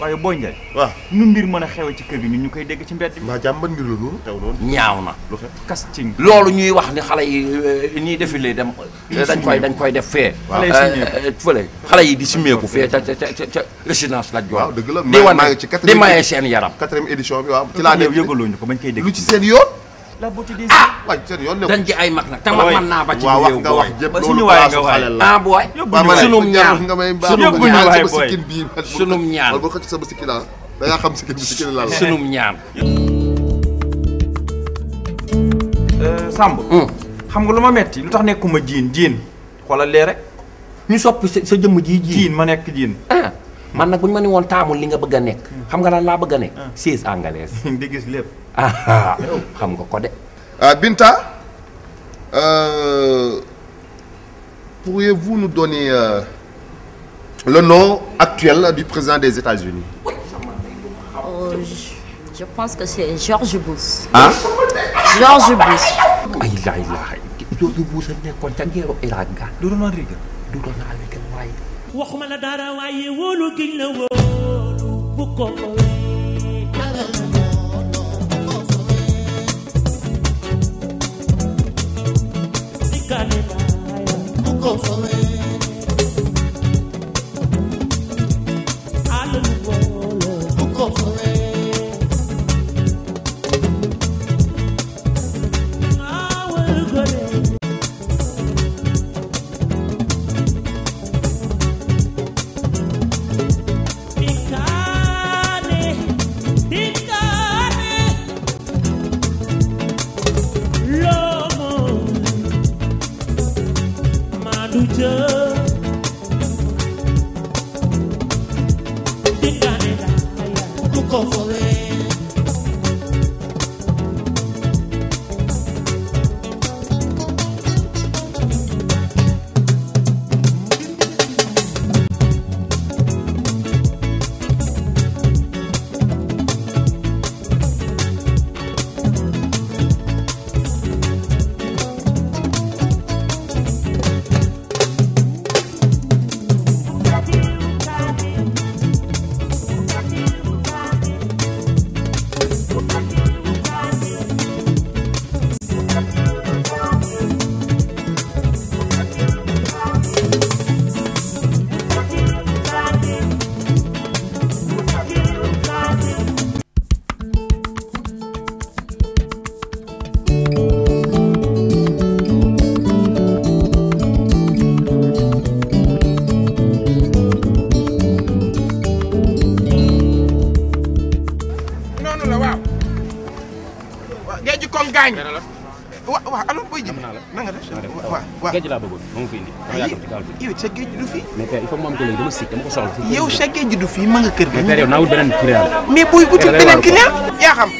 waaye booy Ndiaye. waaw nu mbir mën a xewee ci kër gi ñun ñu koy dégg ci mbedd mi. maa jàmm mbir la loolu. teew ñaaw na. lu xew kas ci loolu ñuy wax ni xale yi ñuy eh, défilé dem. dañ koy dañ koy def fee. xale yi eh, eh, fële xale yi di simeeku fee ca ca ca ca résidence la jox. waaw dëgg la maa ngi ci quatrième di maye seen yaram. quatrième édition bi waaw ci yëgaloo ñu ko bañ koy dégg. lu ci seen yoon. la beauté des yeux. Ah, waay seen yoon dañ ci ay mag nag. tama mën naa ba ci réew booy wax nga wax suñu waay nga waay ah booy. sunum ñaan yóbbuñu waay booy sunum ñaan wala boo xëcc sama sikkin ah da ngaa xam sikkin bi sikkin la la. sunum ñaan. Euh, Samb. Hmm. xam nga lu ma metti lu tax nekkuma jiin jiin xoolal lee rek. ñu sopp sa sa jëmm jii jiin ma nekk jiin. Ah, man nag bu ñu ma ne woon taamul li nga bëgg a nekk. Hmm. xam nga lan laa bëgg a nekk. Ah. seize anglaise. di gis lépp. ah xam nga ko de. Ah, Binta euh, pourriez-vous nous donner euh, le nom actuel du président des États-Unis euh, je, je pense que c'est George Bush. George Bush. ay ah, laay laay George Bush a nekkoon ca ngeeru Irak ga. du doon Reagan du doon Reagan waaye. waxuma la dara waaye wóolu giñ la wóolu bu ko. ko fowee géej kon gaañ. wa waaw alors booy ji. am naa la na nga def waaw waaw. laa bëggoon ma nga ko indi. dama yaakaar ci sa géej du fii. ma nga kër ga. mais père yow naa wut beneen client la. mais buy wutul beneen client. yaa xam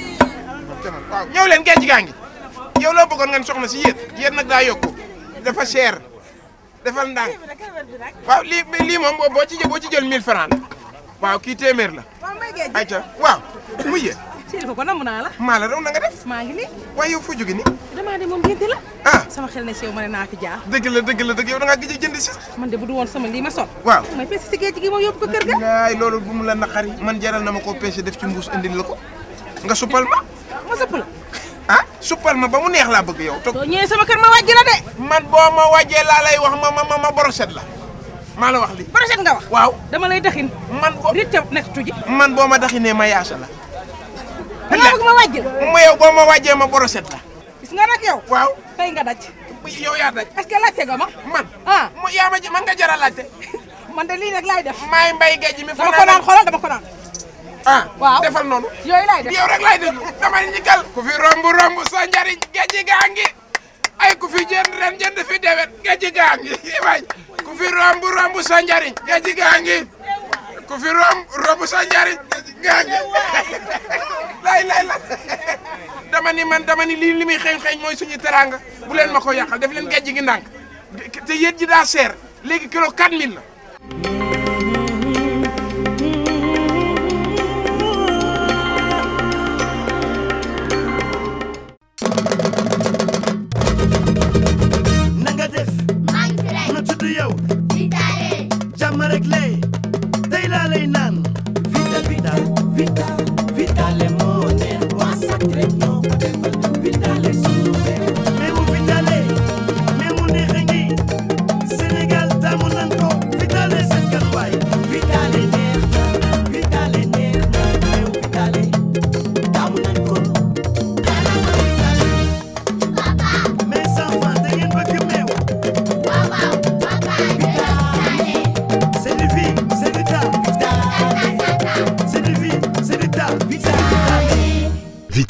waaw ñëw leen géej gaa ngi yow loo bëggoon ngeen soxna si yéen yéen nag daa yokku dafa cher defal ndànk waaw lii lii moom boo ci boo ci jël 1000 francs la waaw kii téeméer la. waaw muy yéen teel ko ko namm maa la raw na nga def. maa ngi nii. waaye yow foo jóge nii. damaa de moom génte la. ah sama xel ne si yow ma ne naa fi jaar. dëgg la dëgg la dëgg yow da ngaa gëj si. man de bu woon sama lii ma sol. waaw may pêche si géej man jaral na ma def ci mbuus indil la ko nga suppal ma. ma suppal ah, suppal ma ba mu neex laa bëgg yow. toog soo ñëwee sama kër ma wàjj man boo ma wàjjee laa lay wax ma ma ma borosét la maa la wax lii. borosét nga waaw dama lay daxin. man boo man boo ma daxinee ma yaasa la da nga bëgg ma wàjj la. ma yow boo a wàjjee ma boroset la. gis nga nag waaw tey nga daj. yow yaa daj. est-ce que laajte nga man ah. yaa ma man nga jara laajte. man lii rek laay def. maay mbay géej mi. dama ko naan xoolal dama ko naan. Ah, waaw defal noonu. yooyu laay rek laay déglu damay ñikkal. ku fi romb romb sa njariñ gaa ngi ay ku fi jënd fi dewet géej gaa ngi waay ku romb romb sa njariñ gaa ngi ku romb romb sa gaañ lay lay la dama ni man dama ni lii li muy xeeñ xeeñ mooy suñu teraanga bu leen ma ko yàqal def leen gejj gi ndànk te yéen ji daa léegi kilo 4000 la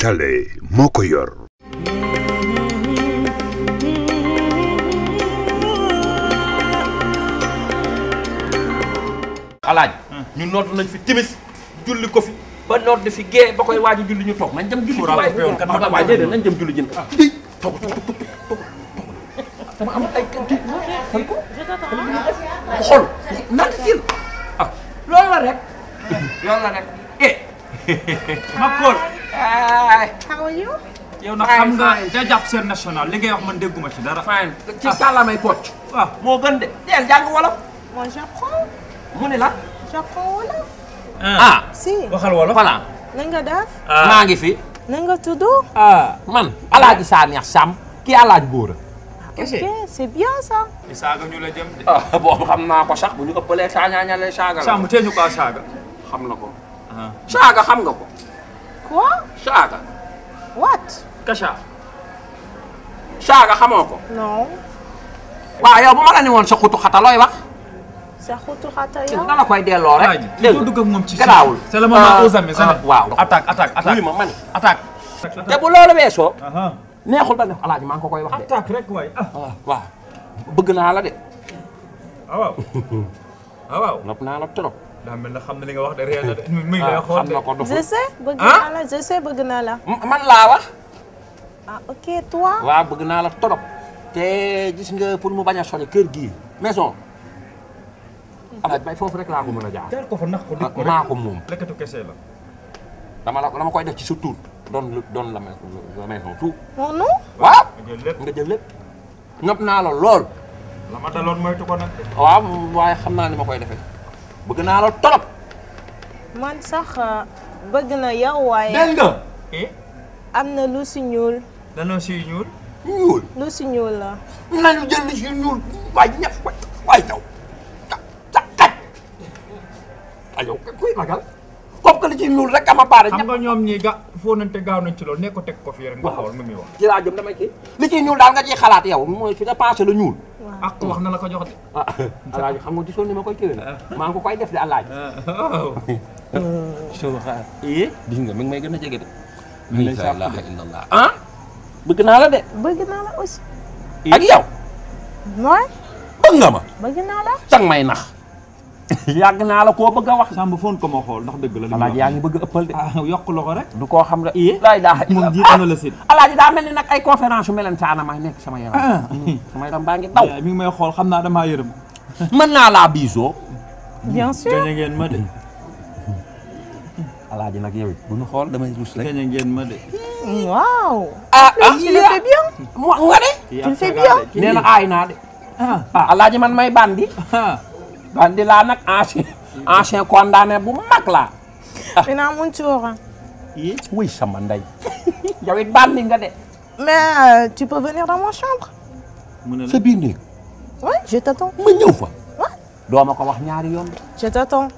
Tale moo ko yor. alaaj ñu nootu nañ fi timis julli ko fi ba noot fi gee ba koy waaju julli ñu toog nañ jëm julli waaye waaye déedéet nañ jëm julli jën ko toog toog toog dama am ay kii xool ko xool naan jël ah loolu la rek loolu la rek eh Makor. how are you. yow nag xam nga da jàpp seen national li ngay wax man dégguma ci dara. fine ah. ci kàllaamay pocc. waaw ah. moo gën de. teel jàng wolof. moi j'apprends. mu ne la. j'apprends wolof. ah, ah. si. waxal wolof voilà. na nga maa ngi fi. na nga tudd. man Alaaji Sanex Sam kii Alaaji Góora. ok c'est bien ça. saaga ñu la jëm de. boobu xam naa ko sax bu ñu ëppalee saa ñaañalee saaga la. Sam tee ñu ko saaga. xam na ko. Uh-huh. saaga xam nga ko. quoi saaga. what. kacha. saaga xamoo ko. non. waaw bu ma woon sa xutu xata looy wax. sa xutu xata yow. nga la delloo rek. dégg nga garaawul. c'est le moment euh, aux amis euh, waaw attaque attaque attaque. ma man attaque. te bu loolu weesoo. Uh-huh. ba ne alaaji ko koy wax de. attaque rek waay ah. Ah, daa mel na xam na li wax de réel na bëgg naa la man laa wax. ah waaw bëgg naa la torop te gis nga pour mu bañ a sori kër gii maison. ah bay foofu rek laa ko mën a jaar. teel ko fa nax ko kese dama la dama koy def ci sa tur doon la maison tout. waaw nga jël lépp nga naa la lool. la ma ko nag. waaw waaye xam naa ni ma koy defee. bëgg naa la torop man sax euh, bëgg na yow waaye. dégg nga. Eh? am na lu si ñuul. danoo si ñuul. ñuul lu si ñuul la. nañu jël lu si ñuul waay ñaf waay taw ta kuy magal comme que lu si ñuul rek ama baare. xam nga ñoom ñii foo nañ te gaaw nañ ci loolu ne ko teg ko fii rek nga xool nu muy wax ci laa jëm ñuul daal nga ciy xalaat yow mooy fi nga pensé lu ak wax na la ko jox de ah, ah, alaaji xam nga gisoon ni ma koy kiwén maa ngi ko koy def de alaaji ah, soo xaar gis nga mi ngi may gën a jege de la ilaha illallah ah bëgg naa la de bëgg naa la aussi ak yow mooy bëgg nga ma bëgg naa la dang may nax yàgg naa la koo bëgg a wax. Samba foon ko ma xool ndax dëgg la. li alaaji yaa ngi bëgg a ëppal de. Ah, yokk loxo rek. du koo xam rek eh. lay daa moom jiite na la si. alaaji daa mel ni nag ay conférence yu melentaan maa nekk sama yaram. Ah, mm-hmm. ah. sama yaram baa ngi daw. mi ngi may xool xam naa damaa yërëm. mën naa laa biisoo. bien mm. sûr gañe ngeen ma de. alaaji nag yow it bu ñu xool damay rus rek. gañe ngeen ma de. Mm, waaw. ah ah tu le fais bien. mu nga de. tu le fais bien. nee na aay naa de. ah alaaji man may bandi. Bandi laa nag ancien ancien condamné bu mag laa. dinaa mun ci waxoon. wuy sama ndey. yow it bandi nga de. mais euh, tu peux venir dans ma chambre. mu ne la sa biir néeg. oui je fa. doo ma ko wax ñaari yoon. je t'attends.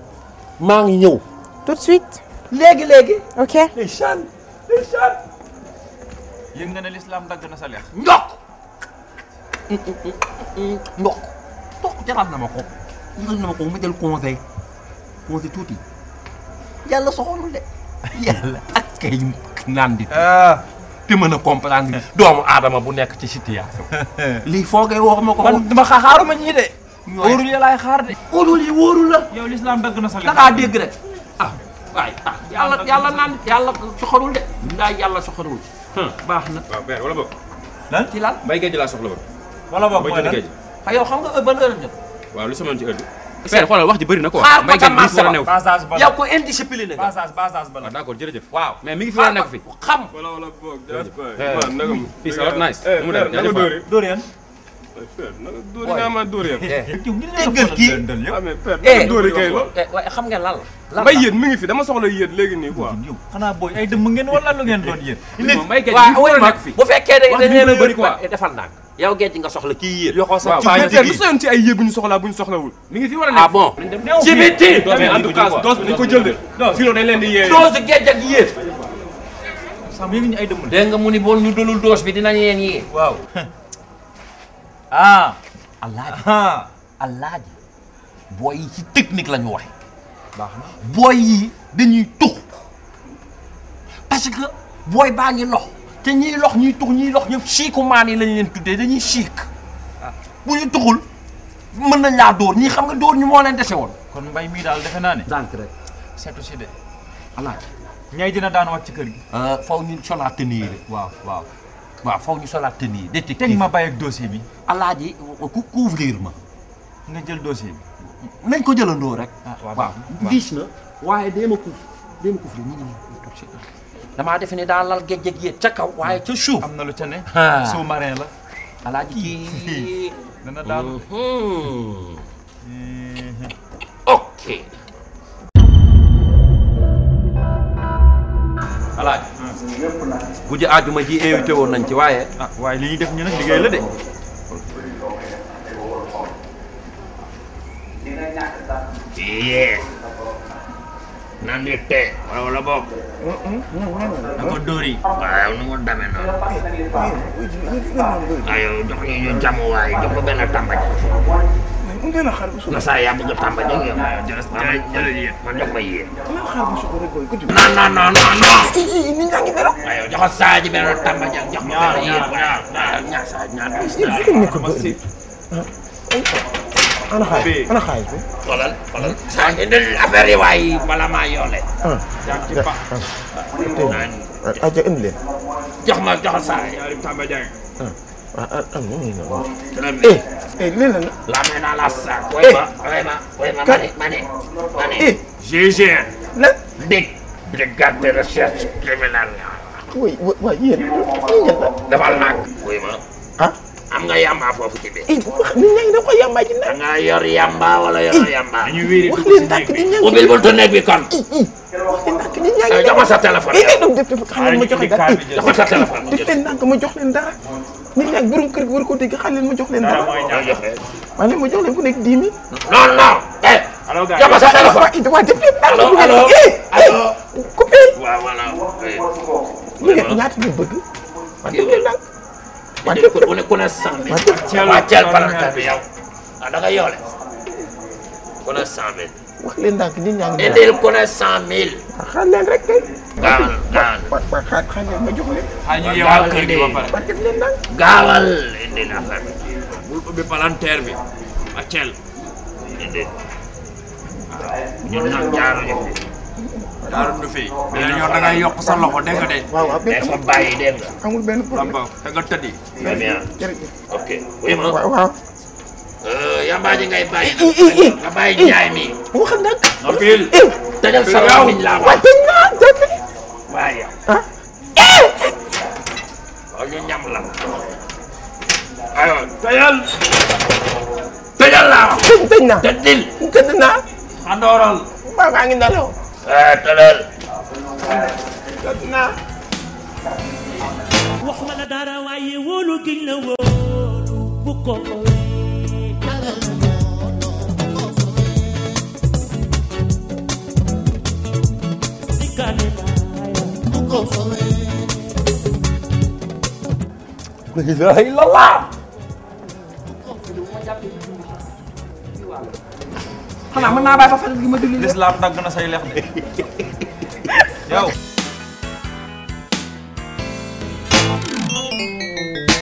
maa ngi ñëw. tout de suite. léegi léegi. ok na sa leex. ndokk mm, mm, mm, ndokk ndokk na ma mos na ma ko ma jël conseil conseil tuuti yàlla soxorul de yàlla ak kay naan di. Ah. te mën a comprendre doomu adama bu nekk ci situation. lii foo koy wax ma ko. man dama xaaruma ñii de. wóorul yi laay de. wóorul yi wóorul la. yow lislaam bëgg na sa da ngaa dégg rek ah waay ah yàlla yàlla naan yàlla soxorul de. ndax yàlla soxorul. Hmm, baax na waaw wala mbay géej laa soxla woon. wala boog mooy lan mbay géej. Ah, yow xam nga ban heure la waaw lu sama ci ëdd. wax ji bari na quoi. may gën di war a new ko indiscipliné nga. waaw ah, d'accord jërëjëf. waaw mais mi ngi fi war a nekk fi. xam wala wala boog jërëjëf. Eh, fii sa lot nice. Eh, mu nga lan la. mbay yéen mi ngi fi dama soxla yéen léegi nii quoi. xanaa booy ngeen wala lu ngeen doon yéen. waaw waaye bu fekkee ne dañu leen a bëri quoi eh, defan naa yow gerte nga soxla kii yéer. yoxo sax ci ci bu ñu soxla bu ñu soxlawul. mi ngi fi war a nekk ah bon. ci biti en dañ ko jël de. non sinon dañ leen di yee. dose gerte ak nga mu ni bool ñu dulul doos bi dinañ leen yee. waaw. ah. alaaji alaaji. booy yi ci technique la ñu waxe baax na booy tux parce que booy baa ngi lox. te ñiy lox ñiy tux ñiy lox ñëpp siiku maan yi lañu leen tuddee dañuy siik ah. bu ñu tuxul mën nañ laa dóor ñii xam nga dóor ñu moo leen dese woon. kon mbay mii daal defe naa ne. rek seetu si de. alaaji dina daan wàcc ci kër gi. Euh, faw ñu solaat tenue yi de waaw waaw. waaw faw ñu solaat tenue teg ma bàyyi ak bi bi. alaaji ku couvrir ma. nga jël dossier bi. nañ ko jëlandoo rek. Ah, waaw waaw diis na waaye dee damaa defe ni daal lal géej-géej yéeg ca kaw waaye ca suuf am na lu ca ne sous-marin la alaaji kii dana daal ok alaaji guddi àjjuma ji invité woon nañ ci waaye ah waaye li ñuy def ñu nag liggéey la de yeah naan di tee wala wala boog. na ko dóori. waaw nu mu demee noonu. waaw yow jox ñu ñu jàmm waaye jox ko benn tàmbaj. mu gën a xaar bu suba. Massa yaa bëgg a tàmbali ak yow. jërëjëf jërëjëf man jox ma yéen. ma xaar bu suba rek booy guddi. non non non non non. nit ñaa ngi melo. waaw jox ko saa ji benn tàmbali ak jox ma benn yéen. waaw waaw ñaar saa ñaar. ana xaalis ana xaalis bi. xoolal xoolal. saa ngi indil affaire yi waay bala maa yoole. Ah, yaa ngi ci ba. ah tey ah, ah, indi leen. jox ma jox saa yow Tamba Diagne. ah ah am na ñu ne waaw. eh eh nee na la. la amee naa la saa. eh waaye ma waaye ma ma ne ma ne ma ne. eh GIGN. la dégg. brigade de recherche criminelle. oui wa waaye yéen yéen la. defal naa ko. am nga yamba foofu ci biir. eh bu ma nit ñaa ngi da ko yamba ci ndax. nga yor yamba wala yoroo eh, yamba. dañuy wéeree wax leen ndàkk nit ñaa ngi. ubbil buntu néeg bi kon. Eh, eh, wax leen ndàkk nit ñaa ngi. jox ko sa téléphone. eh donc def dafa xam ne ma jox leen dara. jox ko sa téléphone ma jox def leen ndànk ma jox leen dara. nit ñaa ngi borom kër gi war ko dégg xam leen ma jox leen dara. ma ne ma jox leen ku nekk dix mille. non non. eh jox ko sa téléphone. waaw def leen ndànk bu ngeen. eh eh coupé. waaw voilà. ñaata ngeen bëgg. waaw def leen ndànk. c'est-à-dire que on est bi. wàcceel palanteer bi yow ah da nga indil ko ne cent mille. Ah, xaar leen rek kay. gaawal indil affaire indil. daa dund fii. beneen yoon da ngay yokk sa loxo dégg nga de. waaw waaw mais sama bàyyi dégg nga. amul benn problème da nga tëddi. très bien ok. wuyu ma waaw. Euh, yambaa ji ngay bàyyi. Eh, eh, eh, nga bàyyi njaay mi. waxal nag. nopil. tëjal sa loxo biñ laa wax. waaye. Ah. waaw ñu ñam la. aywa tëjal. tëjal laa wax. tëj na tëj na. tëj na. xandooral. maa ngi nelaw. waaw tolol jot naa wax ma la dara waaye wóolu giñ la wóolu bu ko la ilaha illallah xanaa mën naa bàyyi sax fajar gi ma julli. lislaam dagg na say lex de yow.